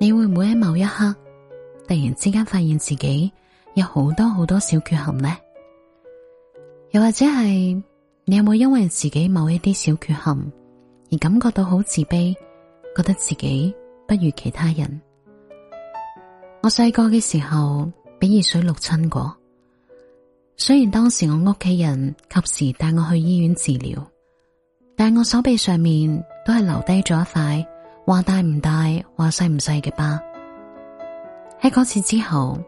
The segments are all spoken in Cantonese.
你會唔會喺某一刻突然之間發現自己有好多好多小缺陷呢？又或者係你有冇因為自己某一啲小缺陷而感覺到好自卑，覺得自己不如其他人？我細個嘅時候俾熱水淥親過，雖然當時我屋企人及時帶我去醫院治療，但我手臂上面都係留低咗一塊。話大唔大，話細唔細嘅疤。喺嗰次之後，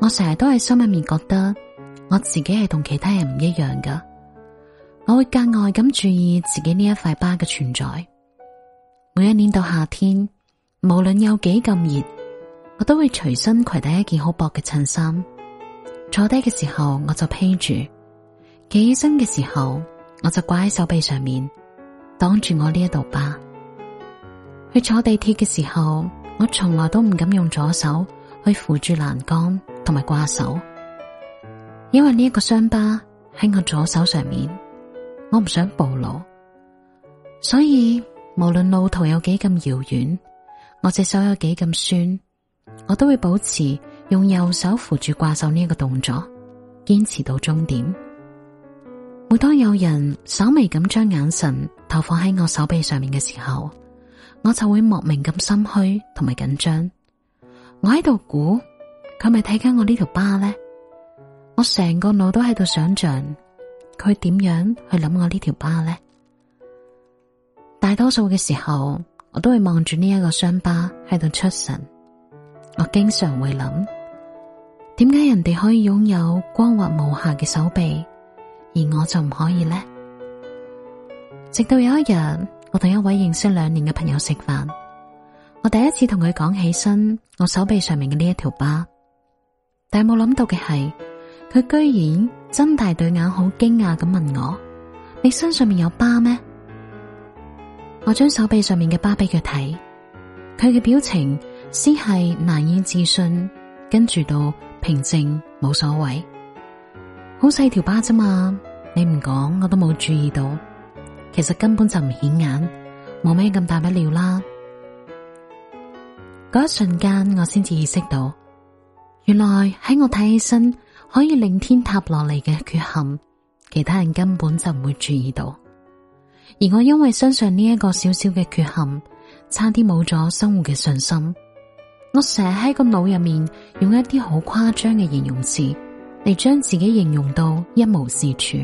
我成日都喺心入面覺得我自己係同其他人唔一樣噶。我會格外咁注意自己呢一塊疤嘅存在。每一年到夏天，無論有幾咁熱，我都會隨身攜帶一件好薄嘅襯衫。坐低嘅時候，我就披住；企起身嘅時候，我就掛喺手臂上面，擋住我呢一度疤。去坐地鐵嘅時候，我從來都唔敢用左手去扶住欄杆同埋掛手，因為呢一個傷疤喺我左手上面，我唔想暴露。所以無論路途有幾咁遙遠，我隻手有幾咁酸，我都會保持用右手扶住掛手呢一個動作，堅持到終點。每當有人稍微咁將眼神投放喺我手臂上面嘅時候，我就會莫名咁心虛同埋緊張，我喺度估佢咪睇緊我呢條疤咧？我成個腦都喺度想象佢點樣去諗我呢條疤咧？大多數嘅時候，我都會望住呢一個傷疤喺度出神。我經常會諗，點解人哋可以擁有光滑無瑕嘅手臂，而我就唔可以咧？直到有一日。我同一位認識兩年嘅朋友食飯，我第一次同佢講起身我手臂上面嘅呢一條疤，但冇諗到嘅係，佢居然睜大對眼，好驚訝咁問我：你身上面有疤咩？我將手臂上面嘅疤俾佢睇，佢嘅表情先係難以置信，跟住到平靜冇所謂，好細條疤啫嘛，你唔講我都冇注意到。其實根本就唔顯眼，冇咩咁大不了啦。嗰一瞬間，我先至意識到，原來喺我睇起身可以令天塌落嚟嘅缺陷，其他人根本就唔會注意到。而我因為身上呢一個小小嘅缺陷，差啲冇咗生活嘅信心。我成日喺個腦入面用一啲好誇張嘅形容詞嚟將自己形容到一無是處。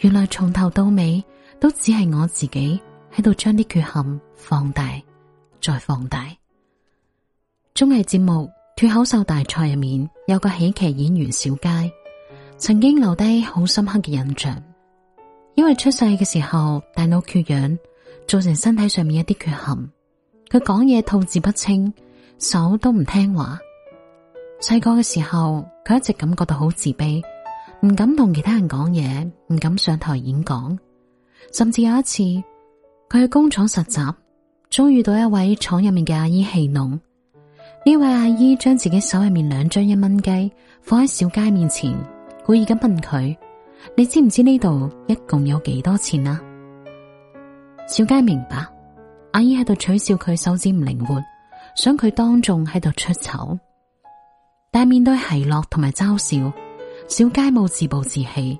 原來從頭到尾。都只係我自己喺度將啲缺陷放大，再放大。綜藝節目《脫口秀大賽》入面有個喜劇演員小佳，曾經留低好深刻嘅印象。因為出世嘅時候，大腦缺氧，造成身體上面一啲缺陷。佢講嘢吐字不清，手都唔聽話。細個嘅時候，佢一直感覺到好自卑，唔敢同其他人講嘢，唔敢上台演講。甚至有一次，佢去工廠實習，終於遇到一位廠入面嘅阿姨戲弄呢位阿姨，將自己手入面兩張一蚊雞放喺小佳面前，故意咁問佢：你知唔知呢度一共有幾多錢啊？小佳明白，阿姨喺度取笑佢手指唔靈活，想佢當眾喺度出醜。但面對奚落同埋嘲笑，小佳冇自暴自棄，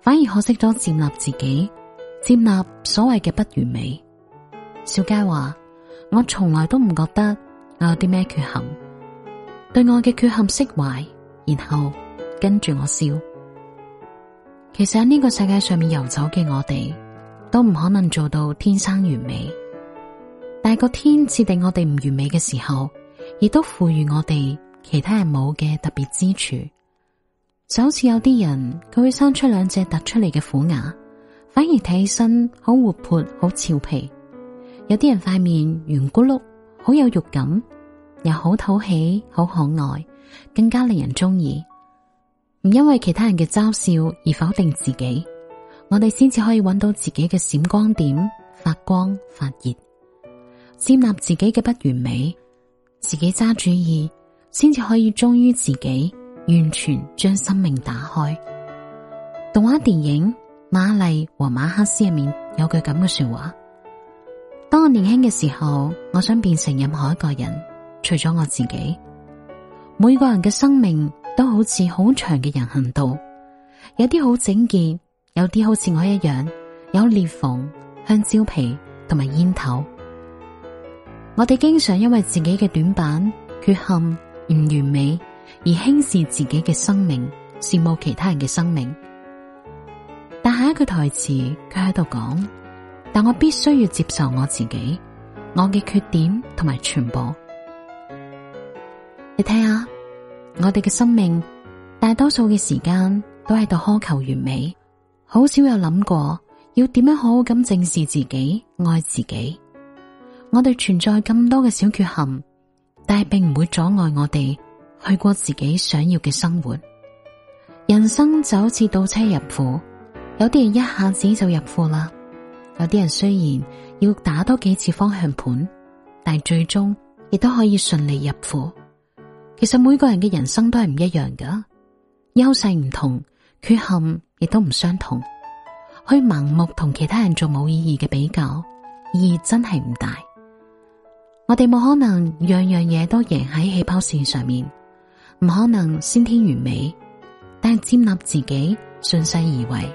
反而學識咗接納自己。接納所謂嘅不完美，小佳話：我從來都唔覺得我有啲咩缺陷，對我嘅缺陷釋懷，然後跟住我笑。其實喺呢個世界上面遊走嘅我哋，都唔可能做到天生完美。但係個天設定我哋唔完美嘅時候，亦都賦予我哋其他人冇嘅特別之處。就好似有啲人佢會生出兩隻突出嚟嘅虎牙。反而睇起身好活潑，好俏皮。有啲人塊面圓咕碌，好有肉感，又好討喜，好可愛，更加令人鍾意。唔因為其他人嘅嘲笑而否定自己，我哋先至可以揾到自己嘅閃光點，發光發熱，接納自己嘅不完美，自己揸主意，先至可以忠於自己，完全將生命打開。動畫電影。瑪麗和馬克思入面有句咁嘅說話：當我年輕嘅時候，我想變成任何一個人，除咗我自己。每個人嘅生命都好似好長嘅人行道，有啲好整潔，有啲好似我一樣，有裂縫、香蕉皮同埋煙頭。我哋經常因為自己嘅短板、缺陷唔完美而輕視自己嘅生命，羨慕其他人嘅生命。一句台詞，佢喺度講，但我必須要接受我自己，我嘅缺點同埋全部。你睇下，我哋嘅生命大多數嘅時間都喺度苛求完美，好少有諗過要點樣好好咁正視自己、愛自己。我哋存在咁多嘅小缺陷，但係並唔會阻礙我哋去過自己想要嘅生活。人生就好似倒車入庫。有啲人一下子就入庫啦，有啲人雖然要打多幾次方向盤，但最終亦都可以順利入庫。其實每個人嘅人生都係唔一樣噶，優勢唔同，缺陷亦都唔相同。去盲目同其他人做冇意義嘅比較，意義真係唔大。我哋冇可能樣樣嘢都贏喺起跑綫上面，唔可能先天完美，但係接納自己，順勢而為。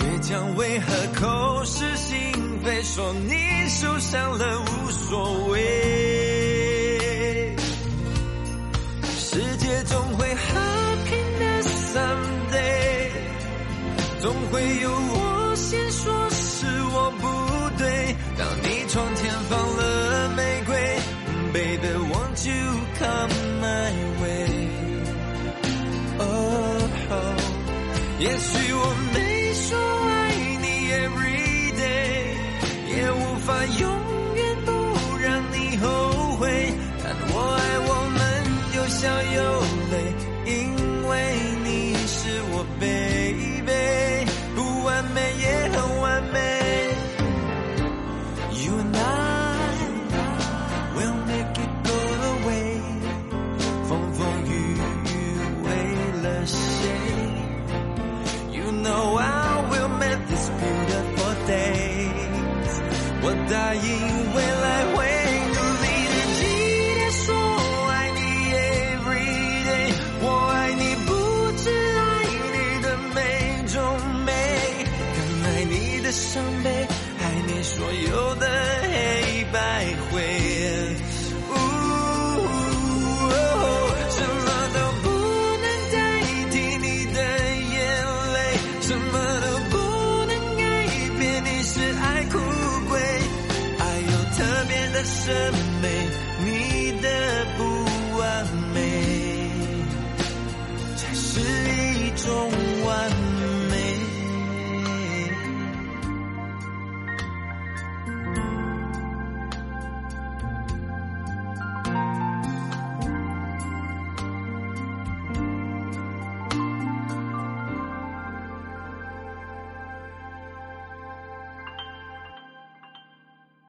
倔強為何口是心非？說你受傷了無所謂。世界總會和平的，someday，總會有我先說是我不對。當你窗前放了玫瑰，baby，won't you come my way，oh oh 也許我。